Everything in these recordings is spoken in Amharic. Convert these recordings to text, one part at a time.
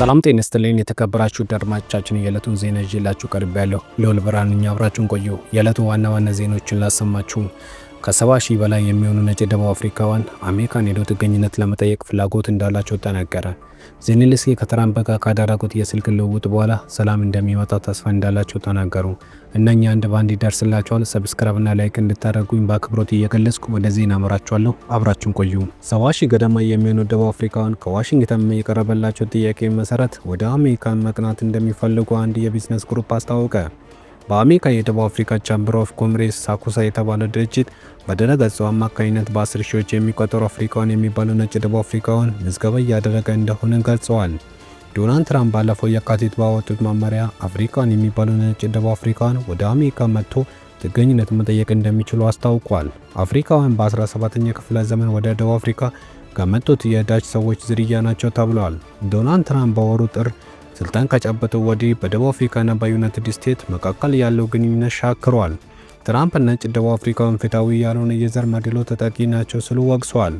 ሰላም ጤና ይስጥልኝ የተከበራችሁ አድማጮቻችን፣ የዕለቱን ዜና ይዤላችሁ ቀርቤያለሁ። ልዑል ብርሃን አብራችሁን ቆዩ። የዕለቱ ዋና ዋና ዜናዎችን ላሰማችሁ። ከሰባ ሺህ በላይ የሚሆኑ ነጭ ደቡብ አፍሪካውያን አሜሪካን ሄደው ጥገኝነት ለመጠየቅ ፍላጎት እንዳላቸው ተነገረ። ዜኔልስኪ ከትራምፕ ጋር ካደረጉት የስልክ ልውውጥ በኋላ ሰላም እንደሚመጣ ተስፋ እንዳላቸው ተናገሩ። እነኛ አንድ ባንድ ይደርስላቸዋል። ሰብስክራብና ላይክ እንድታደርጉኝ በአክብሮት እየገለጽኩ ወደ ዜና አመራችኋለሁ። አብራችን ቆዩ። ሰባ ሺህ ገደማ የሚሆኑ ደቡብ አፍሪካውያን ከዋሽንግተን የቀረበላቸው ጥያቄ መሰረት ወደ አሜሪካን መቅናት እንደሚፈልጉ አንድ የቢዝነስ ግሩፕ አስታወቀ። በአሜሪካ የደቡብ አፍሪካ ቻምበር ኦፍ ኮምሬስ ሳኩሳ የተባለ ድርጅት በድረ አማካኝነት አማካኝነት በአስር ሺዎች የሚቆጠሩ አፍሪካውያን የሚባሉ ነጭ ደቡብ አፍሪካውያን ምዝገባ እያደረገ እንደሆነ ገልጸዋል። ዶናልድ ትራምፕ ባለፈው የካቲት ባወጡት መመሪያ አፍሪካውያን የሚባሉ ነጭ ደቡብ አፍሪካውያን ወደ አሜሪካ መጥቶ ጥገኝነት መጠየቅ እንደሚችሉ አስታውቋል። አፍሪካውያን በ17ኛ ክፍለ ዘመን ወደ ደቡብ አፍሪካ ከመጡት የዳች ሰዎች ዝርያ ናቸው ተብሏል። ዶናልድ ትራምፕ በወሩ ጥር ስልጣን ከጨበጡ ወዲህ በደቡብ አፍሪካና በዩናይትድ ስቴትስ መካከል ያለው ግንኙነት ሻክሯል። ትራምፕ ነጭ ደቡብ አፍሪካውን ፍትሐዊ ያልሆነ የዘር መድሎ ተጠቂ ናቸው ሲሉ ወቅሰዋል።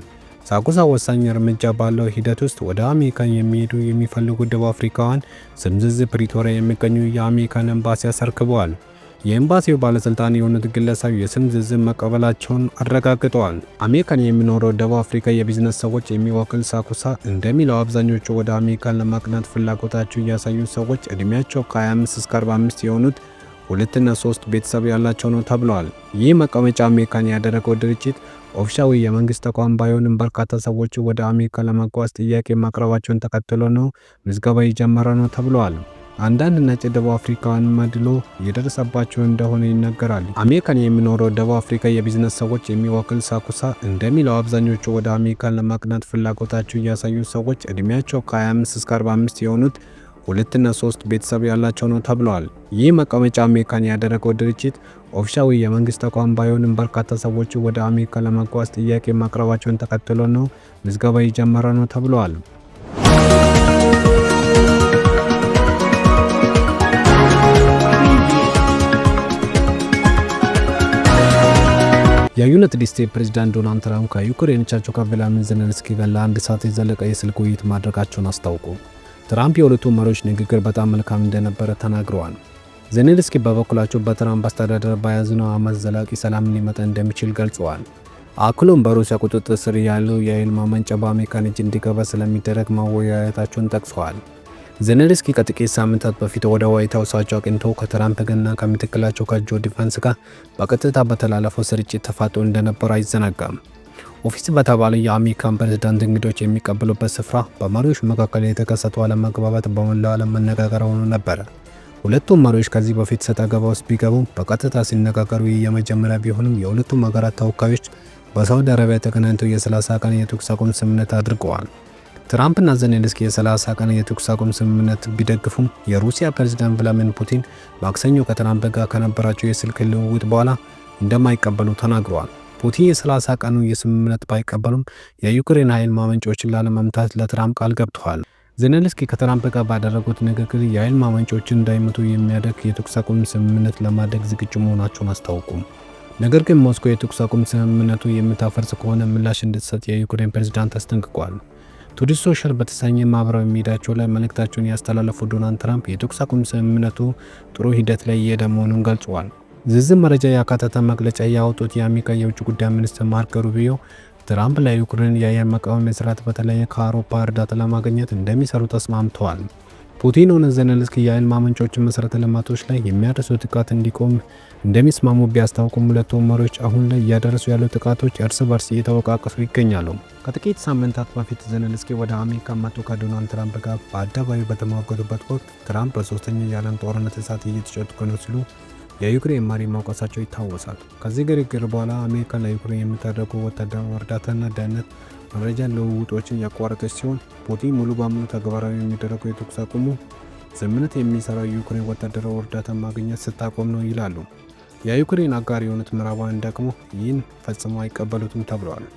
ሳጉሳ ወሳኝ እርምጃ ባለው ሂደት ውስጥ ወደ አሜሪካ የሚሄዱ የሚፈልጉ ደቡብ አፍሪካውያን ስምዝዝ ፕሪቶሪያ የሚገኙ የአሜሪካን ኤምባሲ አስረክበዋል። የኤምባሲው ባለስልጣን የሆኑት ግለሰብ የስም ዝርዝር መቀበላቸውን አረጋግጠዋል። አሜሪካን የሚኖረው ደቡብ አፍሪካ የቢዝነስ ሰዎች የሚወክል ሳኩሳ እንደሚለው አብዛኞቹ ወደ አሜሪካን ለማቅናት ፍላጎታቸው እያሳዩ ሰዎች ዕድሜያቸው ከ25 እስከ 45 የሆኑት ሁለትና ሶስት ቤተሰብ ያላቸው ነው ተብለዋል። ይህ መቀመጫ አሜሪካን ያደረገው ድርጅት ኦፊሻዊ የመንግስት ተቋም ባይሆንም በርካታ ሰዎች ወደ አሜሪካ ለመጓዝ ጥያቄ ማቅረባቸውን ተከትሎ ነው ምዝገባ የጀመረ ነው ተብለዋል። አንዳንድ ነጭ ደቡብ አፍሪካውያን መድሎ የደረሰባቸው እንደሆነ ይነገራሉ። አሜሪካን የሚኖረው ደቡብ አፍሪካ የቢዝነስ ሰዎች የሚወክል ሳኩሳ እንደሚለው አብዛኞቹ ወደ አሜሪካን ለማቅናት ፍላጎታቸው እያሳዩ ሰዎች እድሜያቸው ከ25 እስከ 45 የሆኑት ሁለትና ሶስት ቤተሰብ ያላቸው ነው ተብለዋል። ይህ መቀመጫ አሜሪካን ያደረገው ድርጅት ኦፊሻዊ የመንግስት ተቋም ባይሆንም በርካታ ሰዎች ወደ አሜሪካ ለመጓዝ ጥያቄ ማቅረባቸውን ተከትሎ ነው ምዝገባ የጀመረ ነው ተብለዋል። የዩናይትድ ስቴትስ ፕሬዚዳንት ዶናልድ ትራምፕ ከዩክሬን አቻቸው ከቮሎዲሚር ዜሌንስኪ ጋር ለአንድ ሰዓት የዘለቀ የስልክ ውይይት ማድረጋቸውን አስታውቁ። ትራምፕ የሁለቱ መሪዎች ንግግር በጣም መልካም እንደነበረ ተናግረዋል። ዜሌንስኪ በበኩላቸው በትራምፕ አስተዳደር በያዝነው ዓመት ዘላቂ ሰላም ሊመጣ እንደሚችል ገልጸዋል። አክሎም በሩሲያ ቁጥጥር ስር ያለው የኃይል ማመንጫ በአሜሪካን እጅ እንዲገባ ስለሚደረግ ማወያየታቸውን ጠቅሰዋል። ዜሌንስኪ ከጥቂት ሳምንታት በፊት ወደ ዋይት ሀውሳቸው አቅንተው ከትራምፕና ከምክትላቸው ከጆ ዲፋንስ ጋር በቀጥታ በተላለፈው ስርጭት ተፋጦ እንደነበረ አይዘነጋም። ኦፊስ በተባለ የአሜሪካን ፕሬዝዳንት እንግዶች የሚቀበሉበት ስፍራ በመሪዎች መካከል የተከሰተው አለመግባባት በመላው ዓለም መነጋገር ሆኖ ነበረ። ሁለቱም መሪዎች ከዚህ በፊት ሰጣ ውስጥ ቢገቡ በቀጥታ ሲነጋገሩ የመጀመሪያ ቢሆንም የሁለቱም ሀገራት ተወካዮች በሳውዲ አረቢያ ተገናኝተው የ30 ቀን የተኩስ አቁም ስምምነት አድርገዋል። ትራምፕና ዘኔልስኪ የ30 ቀን የተኩስ አቁም ስምምነት ቢደግፉም የሩሲያ ፕሬዚዳንት ቭላድሚር ፑቲን ማክሰኞ ከትራምፕ ጋር ከነበራቸው የስልክ ልውውጥ በኋላ እንደማይቀበሉ ተናግረዋል። ፑቲን የ30 ቀኑ የስምምነት ባይቀበሉም የዩክሬን ኃይል ማመንጫዎችን ላለመምታት ለትራምፕ ቃል ገብተዋል። ዘኔልስኪ ከትራምፕ ጋር ባደረጉት ንግግር የኃይል ማመንጫዎችን እንዳይመቱ የሚያደግ የተኩስ አቁም ስምምነት ለማድረግ ዝግጁ መሆናቸውን አስታውቁም። ነገር ግን ሞስኮ የተኩስ አቁም ስምምነቱ የምታፈርስ ከሆነ ምላሽ እንድትሰጥ የዩክሬን ፕሬዚዳንት አስጠንቅቋል። ቱዲስ ሶሻል በተሰኘ ማህበራዊ ሚዲያቸው ላይ መልእክታቸውን ያስተላለፉ ዶናልድ ትራምፕ የተኩስ አቁም ስምምነቱ ጥሩ ሂደት ላይ እየሄደ መሆኑን ገልጸዋል። ዝርዝር መረጃ ያካተተ መግለጫ ያወጡት የአሜሪካ የውጭ ጉዳይ ሚኒስትር ማርክ ሩቢዮ ትራምፕ ለዩክሬን የአየር መቃወሚያ ስርዓት በተለይ ከአውሮፓ እርዳታ ለማግኘት እንደሚሰሩ ተስማምተዋል። ፑቲን ሆነ ዘለንስኪ የኃይል ማመንጫዎችን መሰረተ ልማቶች ላይ የሚያደርሱ ጥቃት እንዲቆም እንደሚስማሙ ቢያስታውቁም ሁለቱ መሪዎች አሁን ላይ እያደረሱ ያሉ ጥቃቶች እርስ በርስ እየተወቃቀሱ ይገኛሉ። ከጥቂት ሳምንታት በፊት ዘለንስኪ ወደ አሜሪካ መጥቶ ከዶናልድ ትራምፕ ጋር በአደባባይ በተሟገቱበት ወቅት ትራምፕ በሶስተኛው የዓለም ጦርነት እሳት እየተጨጠቁ ነው ሲሉ የዩክሬን መሪ ማውቀሳቸው ይታወሳል። ከዚህ ግርግር በኋላ አሜሪካ ለዩክሬን የምታደርገው ወታደራዊ እርዳታና ደህንነት መረጃ ልውውጦችን ያቋረጠች ሲሆን ፑቲን ሙሉ በሙሉ ተግባራዊ የሚደረገው የተኩስ አቁሙ ስምምነት የሚሰራው የዩክሬን ወታደራዊ እርዳታ ማግኘት ስታቆም ነው ይላሉ። የዩክሬን አጋር የሆኑት ምዕራባውያን ደግሞ ይህን ፈጽሞ አይቀበሉትም ተብለዋል።